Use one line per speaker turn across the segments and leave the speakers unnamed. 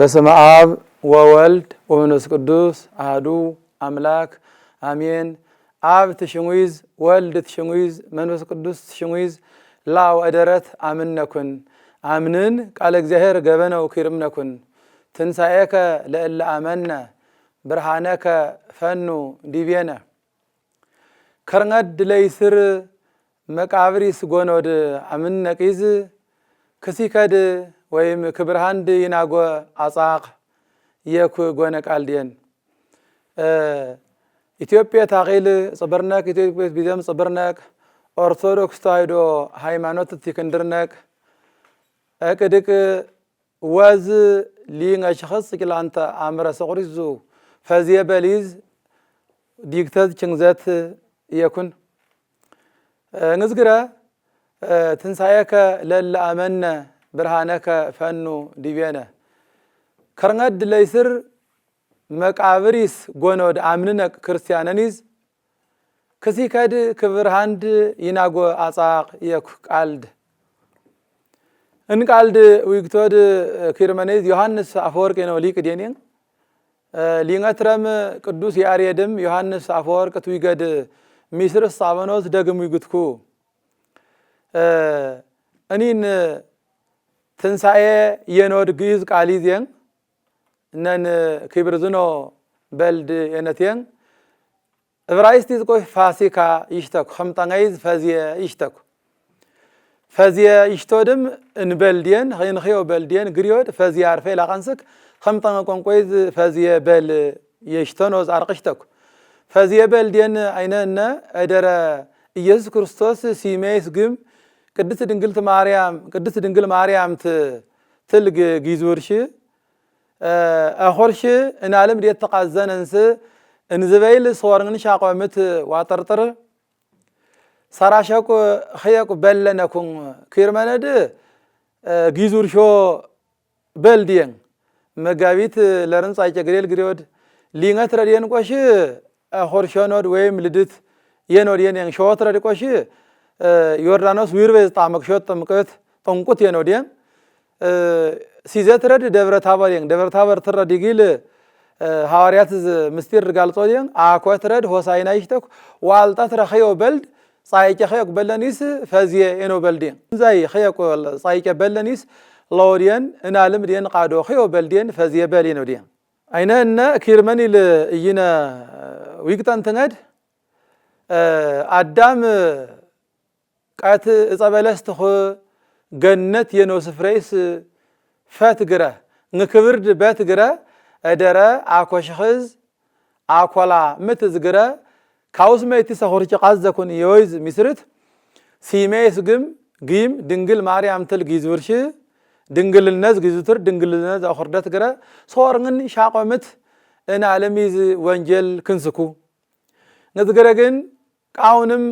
በስመ አብ ወወልድ ወመንፈስ ቅዱስ አህዱ አምላክ አሜን። አብ ትሽሙይዝ ወልድ ትሽሙይዝ መንፈስ ቅዱስ ትሽሙይዝ ላው እደረት አምነኩን አምንን ቃለ እግዚአብሔር ገበነው ኪርምነኩን ትንሣኤከ ለእለ አመነ ብርሃነከ ፈኑ ዲቤነ ከርነድ ለይስር መቃብሪስ ጎኖድ አምነቂዝ ክሲከድ ወይም ክብር አንድ ይናጎ አጻቅ የኩ ጎነ ቃልድየን ኢትዮጵያ ታቂል ፅብርነቅ ኢትዮጵያ ቢዘም ፅብርነቅ ኦርቶዶክስ ተዋህዶ ሃይማኖት እቲ ክንድርነቅ እቅድቅ ወዝ ሊንገሽኽስ ቂላንተ አምረ ሰቁሪሱ ፈዚየ በሊዝ ዲግተዝ ችንግዘት የኩን እንዝግረ ትንሣኤከ ለለ አመነ ብርሃነከ ፈኑ ዲቤነ ከርንገድ ለይስር መቃብሪስ ጎኖድ አምንነቅ ክርስቲያነኒዝ ክሲከድ ክብርሃንድ ይናጎ አጻቅ የኩ ቃልድ እንቃልድ ዊግቶድ ኪርመኔዝ ዮሐንስ አፈወርቅ ነው ሊቅ ዴኔን ሊንገትረም ቅዱስ ያሬድም ዮሐንስ አፈወርቅ ትዊገድ ሚስርስ ሳበኖት ደግም ይግትኩ እኒን ትንሣኤ የኖድ ግዝ ቃል ይዜን እነን ክብር ዝኖ በልድ የነትየን እብራይስቲ ዝቆይ ፋሲካ ይሽተኩ ከምጠንይዝ ፈዝየ ይሽተኩ ፈዝየ ይሽቶ ድም እንበልድየን ንክዮ በልድየን ግሪዮድ ፈዝየ አርፌ ላቀንስክ ከምጠን ቆንቆይዝ ፈዝየ በል የሽቶኖ ጻርቅ ይሽተኩ ፈዝየ በልድየን አይነ እነ እደረ ኢየሱስ ክርስቶስ ሲሜይስ ግም ቅድስት ድንግልት ማርያም ቅድስት ድንግል ማርያም ትልግ ጊዙርሽ አሆርሽ እናለም ዴት ተቃዘነንስ እንዝበይል ሶርንን ሻቆምት ዋጠርጥር ሰራሸቁ ኸየቁ በለነኩን ኪርመነድ ጊዙርሾ በልድየን መጋቢት ለርን ግሬል ግሪወድ ሊንገት ረድየን ቆሽ አሆርሾኖድ ወይም ልድት የኖድየን የንሾወት ረድ ቆሽ ዮርዳኖስ ዊርቤዝ ጣመቅሾት ጥምቀት ጠንቁት የኖዲየም ሲዘትረድ ደብረ ታቦሬን ደብረ ታቦር ትረድ ይግል ሐዋርያት ምስጢር ጋልጾ ዲን አኮትረድ ሆሳይና ይሽተኩ ዋልጣት ረኸዮ በልድ ጻይቄ ኸዮቅ በለኒስ ፈዝየ በልድ የን እንዛይ ኸዮቅ ጻይቄ በለኒስ ለወዲየን እናልም ዲን ቃዶ ኸዮ በልዴን ፈዝየ በል ነው ዲን አይነ እነ ኪርመን ኢል እይነ ዊግጠን ትነድ አዳም ቀት እፀ በለስ ትኹ ገነት የነውስ ፍሬስ ፈትግረ ንክብርድ በትግረ እደረ አኮሽኽዝ አኮላ ምትዝግረ ካብኡስ መይቲ ሰኹር ጭቓት ዘኩን የወይዝ ሚስርት ሲሜስ ግም ጊም ድንግል ማርያም ትል ጊዝብርሺ ድንግልነዝ ጊዙትር ድንግልነዝ አኹርደት ግረ ሶርግን ሻቆምት እናለሚዝ ወንጀል ክንስኩ ነዝግረ ግን ቃውንም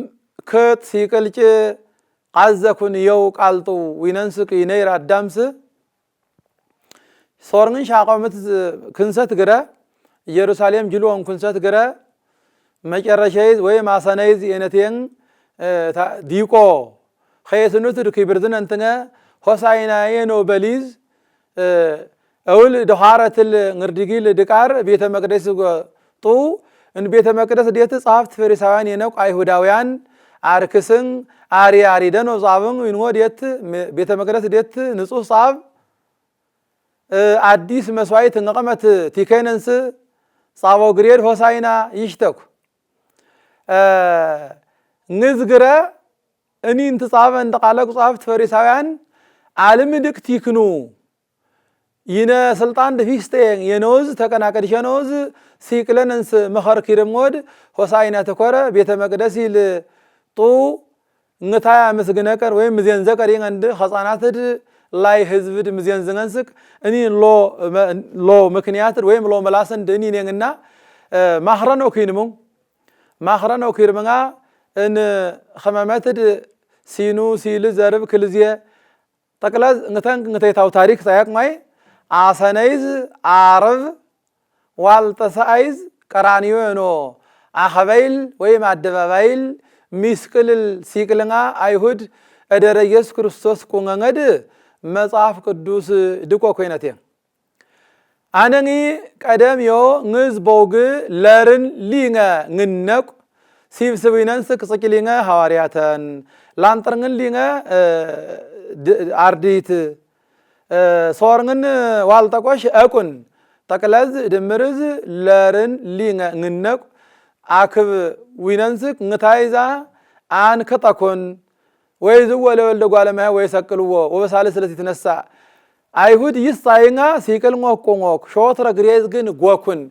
ክት ሲቅልጭ ቃዘኩን የው ቃልጡ ዊነንስቅ ይነይር አዳምስ ሶርንን ሻቆምት ክንሰት ግረ ኢየሩሳሌም ጅልዎን ክንሰት ግረ መጨረሻይዝ ወይ ማሰነይዝ የነቴን ዲቆ ከየስኑት ድክብርዝን እንትነ ሆሳይና የኖ በሊዝ እውል ደኋረትል ንርድጊል ድቃር ቤተ መቅደስ ጡ ቤተ መቅደስ ዴት ጸሐፍት ፈሪሳውያን የነቁ አይሁዳውያን አርክስን አሪ አሪ ደኖ ጻብን ይንወ ዴት ቤተ መቅደስ ዴት ንጹህ ጻብ አዲስ መስዋዕት ንቀመት ቲከነንስ ጻቦ ግሬድ ሆሳይና ይሽተኩ ንዝግረ እኒ እንትጻበ እንደቃለ ጻፍት ፈሪሳውያን አልምድቅ ቲክኑ ይነ ስልጣን ድፊስተ የነውዝ ተቀናቀድሽ ነውዝ ሲቅለንንስ መኸር ኪርሞድ ሆሳይና ተኮረ ቤተ መቅደስ ይል ጡ እንታያ ምስግነቀር ወይም ምዜን ዘቀር ይንንድ ህፃናትድ ላይ ህዝብድ ምዜን ዝነንስቅ እኒ ሎ ሎ ምክንያትድ ወይም ሎ መላስንድ እኒ ነንና ማህረኖ ኩይንሙ ማህረኖ ኩይርምንጋ እን ኸመመትድ ሲኑ ሲል ዘርብ ክልዜ ጠቅለዝ እንተን እንተይታው ታሪክ ማይ አሰነይዝ አርብ ዋልጠሰአይዝ ቀራኒዮ ኖ አኸበይል ወይም አደባባይል ሚስቅልል ሲቅልንጋ አይሁድ እደረ ኢየሱስ ክርስቶስ ቁንገንድ መጽሐፍ ቅዱስ ድቆ እየ አነኒ ቀደምዮ ንዝ ቦግ ለርን ሊንገ ንነቁ ሲብስብነንስ ክጽቂሊንገ ሐዋርያተን ላንጥርንን ሊንገ አርዲት ሶርንን ዋልጠቆሽ እቁን ጠቅለዝ ድምርዝ ለርን ሊንገ ንነቁ አክብ ዊነንስክ ንታይዛ አንከጠኮን ወይ ዝዎ ለወልደ ጓለማያ ወይ ሰቅልዎ ወበሳለ ወበሳልስ ለዝትነሳ አይሁድ ይሳይና ሲቅል ሞኮ ሞክ ሾትረ ግሬዝ ግን ጎኩን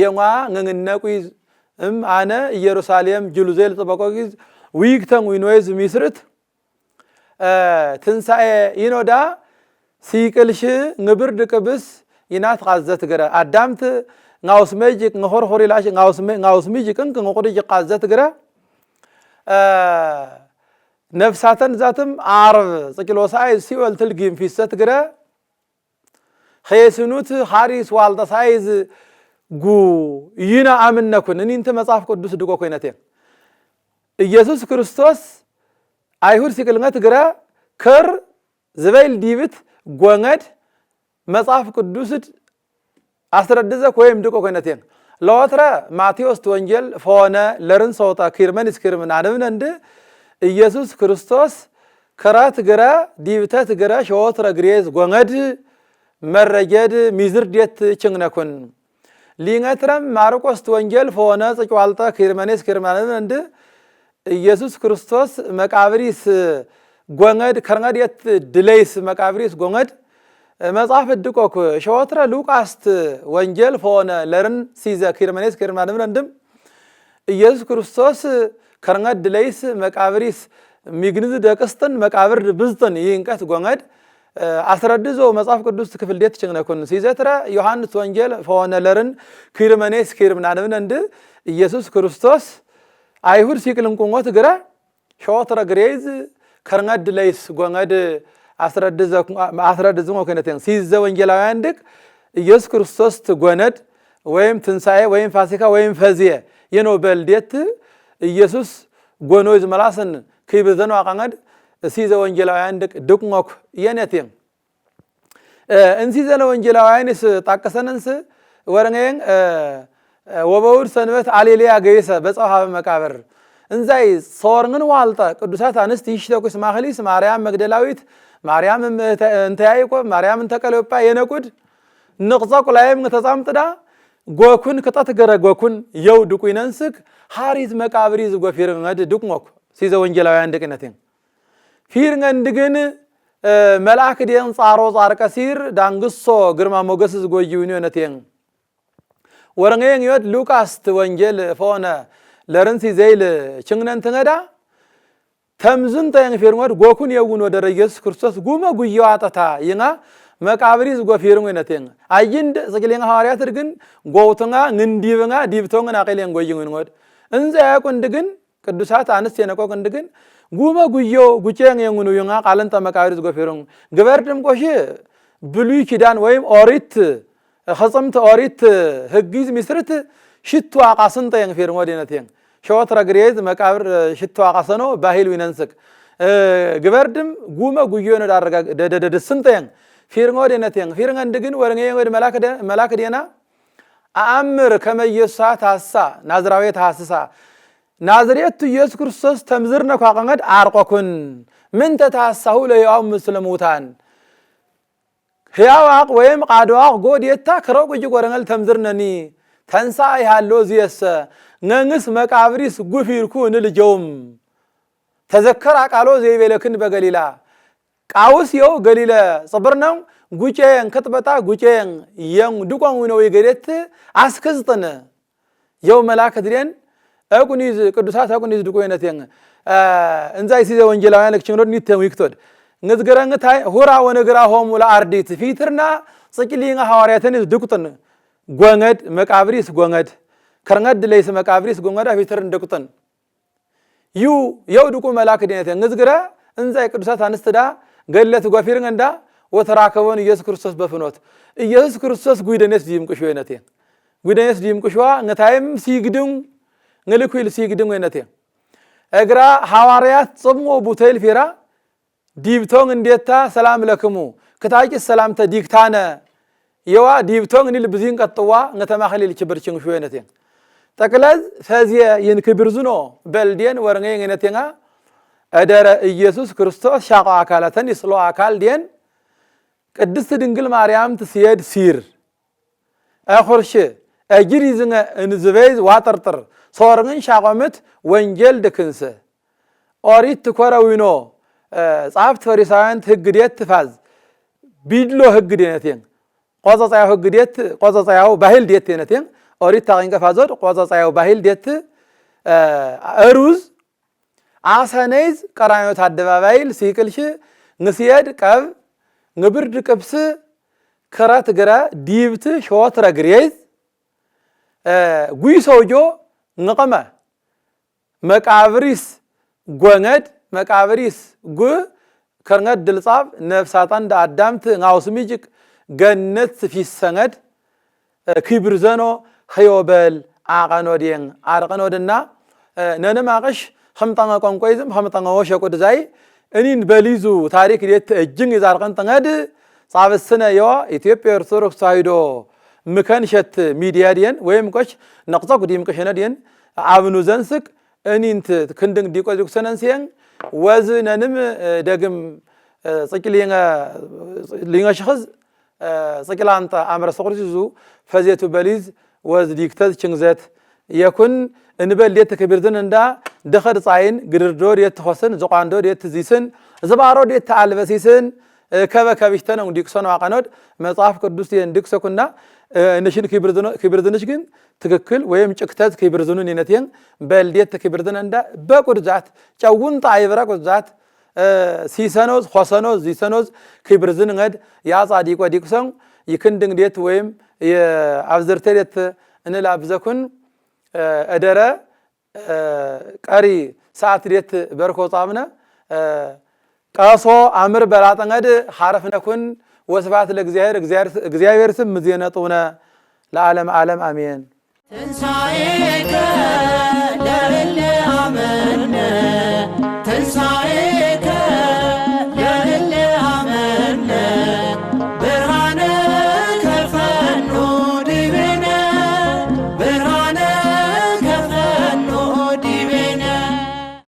የማ ንንነቁ እም አነ ኢየሩሳሌም ጅሉዜል ጽበቆ ጊዝ ዊግተን ዊኖይዝ ሚስርት ትንሣኤ ይኖዳ ሲቅልሽ ንብርድ ቅብስ ይናት ቃዘት ገረ አዳምት ngausmejik ngahorhorilashi ngausmijik እንቅ ንቁድ ጅቃ ዘትግረ ነፍሳተን ዛትም አርብ ፅቂሎሳይ ሲኦል ትልጊም ፊት ዘትግረ ከየስኑት ሃሪስ ዋልተሳይዝ ጉ ይነ አምነኩን እኒንተ መጽሐፍ ቅዱስ ድቆ ኮይነቴ ኢየሱስ ክርስቶስ አይሁድ ሲቅልነት ግረ ክር ዝበይል ዲብት ጎንገድ መጽሐፍ ቅዱስድ አስረድዘ ኮይም ድቆ ኮይነቴን ለወትረ ማቴዎስ ወንጌል ለርን ለርንሶወጣ ኪርመን ኪርምን አንብነ እንድ ኢየሱስ ክርስቶስ ከራት ግረ ዲብተት ግረ ሸወትረ ግሬዝ ጎመድ መረጀድ ሚዝር ዴት ችግነኩን ሊነትረም ማርቆስ ወንጌል ፎነ ጽጭዋልጠ ኪርመኔስ ኪርማንም እንድ ኢየሱስ ክርስቶስ መቃብሪስ ጎመድ ከርነዴት ድለይስ መቃብሪስ ጎመድ መጽሐፍ እድቆክ ሸወትረ ሉቃስት ወንጌል ፈሆነ ለርን ሲዘ ኪርመኔስ ኪርማንም ንምረንድም ኢየሱስ ክርስቶስ ከርንገድ ለይስ መቃብሪስ ሚግንዝ ደቅስትን መቃብር ብዝትን ይንቀት ጎንገድ አስረድዞ መጽሐፍ ቅዱስ ክፍል ዴት ችግነኩን ሲዘትረ ዮሐንስ ወንጌል ፈሆነ ለርን ኪርመኔስ ኪርምናንም ረንድ ኢየሱስ ክርስቶስ አይሁድ ሲቅልንቁንጎት ግረ ሸወትረ ግሬዝ ከርንገድ ለይስ ጎንገድ አስረድዝሞ ክህነትህን ሲዘ ወንጌላውያን ድቅ ኢየሱስ ክርስቶስ ትጎነድ ወይም ትንሣኤ ወይም ፋሲካ ወይም ፈዝየ የኖ በልዴት ኢየሱስ ጎኖይዝ መላስን ክይብዘኖ አቃንድ ሲዘ ወንጌላውያን ድቅ ድቅሞክ የነትም እንሲዘ ለወንጌላውያንስ ጣቀሰንንስ ወረንገን ወበውድ ሰንበት አሌልያ ገይሰ በፀውሃ በመቃብር እንዛይ ሰወርንን ዋልጠ ቅዱሳት አንስት ይሽተኩስ ማክሊስ ማርያም መግደላዊት ማርያም እንተያይቆ ማርያም እንተ የነቁድ ንቕፀቁ ላይም ተጻምጥዳ ጎኩን ክጠት ገረ ጎኩን የው ድቁይነንስክ ሃሪዝ መቃብሪ ዝጎፊር ንገድ ድቁሞኩ ሲዘ ወንጌላውያን ድቅነት ፊር ንድ ግን መልአክ ዴን ጻሮ ጻርቀ ሲር ዳንግሶ ግርማ ሞገስ ዝጎይ ዝጎይውን ዮነቴን ወረንጌን ይወድ ሉቃስ ወንጌል ፎነ ለርንሲ ዘይል ችግነን ትነዳ ተምዝን ተምዝንተ ይንፌርንጎድ ጎኩን የውን ወደረ ኢየሱስ ክርስቶስ ጉመ ጉየው አጠታ ይና መቃብሪዝ ጎፊርንጎ ይነቴን አይንድ ስግሌን ሐዋርያት እርግን ጎውትና ንንዲብና ዲብቶን አቀሌን ጎይን ይንጎድ እንዘ ያቁንድ ግን ቅዱሳት አንስት የነቆቅ እንድግን ጉመ ጉያው ጉጨን የንጉኑ ይና ቃልን ተመቃብሪዝ ጎፊሩን ግበር ድምቆሽ ብሉይ ኪዳን ወይም ኦሪት ኸጽምት ኦሪት ህግዝ ሚስርት ሽቱ አቃስንተ ይንፌርንጎድ ይነቴን ሕይወት ረግሬዝ መቃብር ሽቶ አቃሰኖ ባህል ዊነንስቅ ግበርድም ጉመ ጉዮ ነው ዳረጋ ደደስንተየን ፊርንጎ ደነተየን ፊርንገን ድግን ወርንገ ወድ መላክ ደና አአምር ከመየሳ ታሳ ናዝራዊ ታስሳ ናዝሬቱ ኢየሱስ ክርስቶስ ተምዝርነ ኳቀንገድ አርቆኩን ምን ተታሳሁ ለሕያው ምስለ ሙታን ሕያው አቅ ወይም ቃዶ አቅ ጎዴታ ክረው ቅጅ ጎረንገል ተምዝርነኒ ተንሳ ይሃሎ ዝየሰ ነንስ መቃብሪስ ጉፊርኩ እንልጀውም ተዘከር አቃሎ ዘይቤለክን በገሊላ ቃውስ የው ገሊለ ጽብር ነው ጉጬ እንከጥበጣ ጉጬ የን ድቆም ነው የገዴት አስክዝጥን የው መላክ ድሬን አቁኒዝ ቅዱሳት አቁኒዝ ድቆይነት እንዛይ ሲዘ ወንጀላውያን ለክችምሮድ ኒተም ይክቶድ ንዝገረንታይ ሁራ ወነግራ ሆሙ ለአርዲት ፊትርና ጽቅሊንጋ ሐዋርያትን ድቁጥን ጎንገድ መቃብሪስ ጎንገድ ከርንገድ ለይስ መቃብሪስ ጎንገዳ ፊትር እንደቁጥን ዩ የውድቁ መልአክ ድኔተ ንዝግረ እንዛ የቅዱሳት አንስትዳ ገለት ጓፊር እንዳ ወተራከቦን ኢየሱስ ክርስቶስ በፍኖት ኢየሱስ ክርስቶስ ጉይደኔስ ዲምቅሽ ወይነቴ ጉይደኔስ ዲምቅሽዋ ነታይም ሲግድም ንልኩል ሲግድም ወይነቴ እግራ ሐዋርያት ጽምኦ ቡተይል ፌራ ዲብቶን እንዴታ ሰላም ለክሙ ክታቂስ ሰላምተ ዲግታነ የዋ ዲብቶን ንል ብዙን ቀጥዋ ነተማኸሊል ችብርችንሽ ወይነቴ ጠቅለዝ ፈዚየ ይንክብር ዝኖ በልዴን ወረንገ ገነቴንጋ እደረ ኢየሱስ ክርስቶስ ሻቆ አካላተን ይስሎ አካል ዴን ቅድስት ድንግል ማርያም ትስየድ ሲር አኹርሽ እጅር ይዝነ እንዝበይዝ ዋጥርጥር ሶርግን ሻቆምት ወንጀል ድክንስ ኦሪት ትኮረዊኖ ጻፍት ፈሪሳውያን ህግ ዴት ትፋዝ ቢድሎ ህግ ዴነቴን ቆጸጻያው ህግ ዴት ቆጸጻያው ባህል ዴት ዴነቴን ኦሪት ታቅኝቀፋ ዞድ ቆፀፃዮ ባህል ዴት እሩዝ አሰነይዝ ቀራኞት አደባባይል ሲቅልሽ ንስየድ ቀብ ንብርድ ቅብስ ክረት ግረ ዲብት ሾትረ ግሬዝ ጉይ ሰውጆ ንቅመ መቃብሪስ ጎነድ መቃብሪስ ጉ ከርነት ድልጻብ ነፍሳታን እንደ አዳምት ናውስሚጅቅ ገነት ፊሰነድ ክብር ዘኖ ሕዮበል አቐኖድየን አርቀኖድና ነንም አቀሽ ከምጠ ቆንቆይዝም ከምጠ ወሸቁድዛይ እኒን በሊዙ ታሪክ ዴት እጅን ይዛርቀን ጥንገድ ጻብስነ የዋ ኢትዮጵያ ኦርቶዶክስ ተዋሂዶ ምከንሸት ሚድያ ድየን ወይም ቆሽ ነቅፀኩ ዲምቅሽነ ድየን አብኑ ዘንስቅ እኒንት ክንድን ዲቆዝኩሰነን ሲየን ወዝ ነንም ደግም ፅቂ ሊንገሽኽዝ ፅቂላንጠ አምረ ሰቁርሲዙ ፈዜቱ በሊዝ ወዝዲግተዝ ችንግዘት የኩን እንበል ዴት ክብርትን እንዳ ድኸድ ፃይን ግድርዶ ዴት ትኾስን ዝቋንዶ ዴት ትዚስን ዝባሮ ዴት ተኣልበሲስን ከበ ከቢሽተን እንዲቅሶን ዋቀኖድ መጽሐፍ ቅዱስ እንዲቅሰኩና ንሽን ክብርዝንሽ ግን ትክክል ወይም ጭክተት ክብርዝኑን ይነትን በልዴት ክብርዝን እንዳ በቁድዛት ጨውን ጣይብረ ቁድዛት ሲሰኖዝ ኾሰኖዝ ዚሰኖዝ ክብርዝን ድ ያ ጻዲቆ ዲቅሰን ይክንድንግዴት ወይም አብዘር ቴሌት እንል አብዘኩን እደረ ቀሪ ሰዓት ዴት በርኮ ጻምነ ቀሶ አምር በላጠንገድ ሐረፍነኩን ወስብሐት ለእግዚአብሔር እግዚአብሔር ስም ምዜነጡነ ለዓለም ዓለም አሜን። ትንሣኤከ ለእለ አመነ ትንሣኤ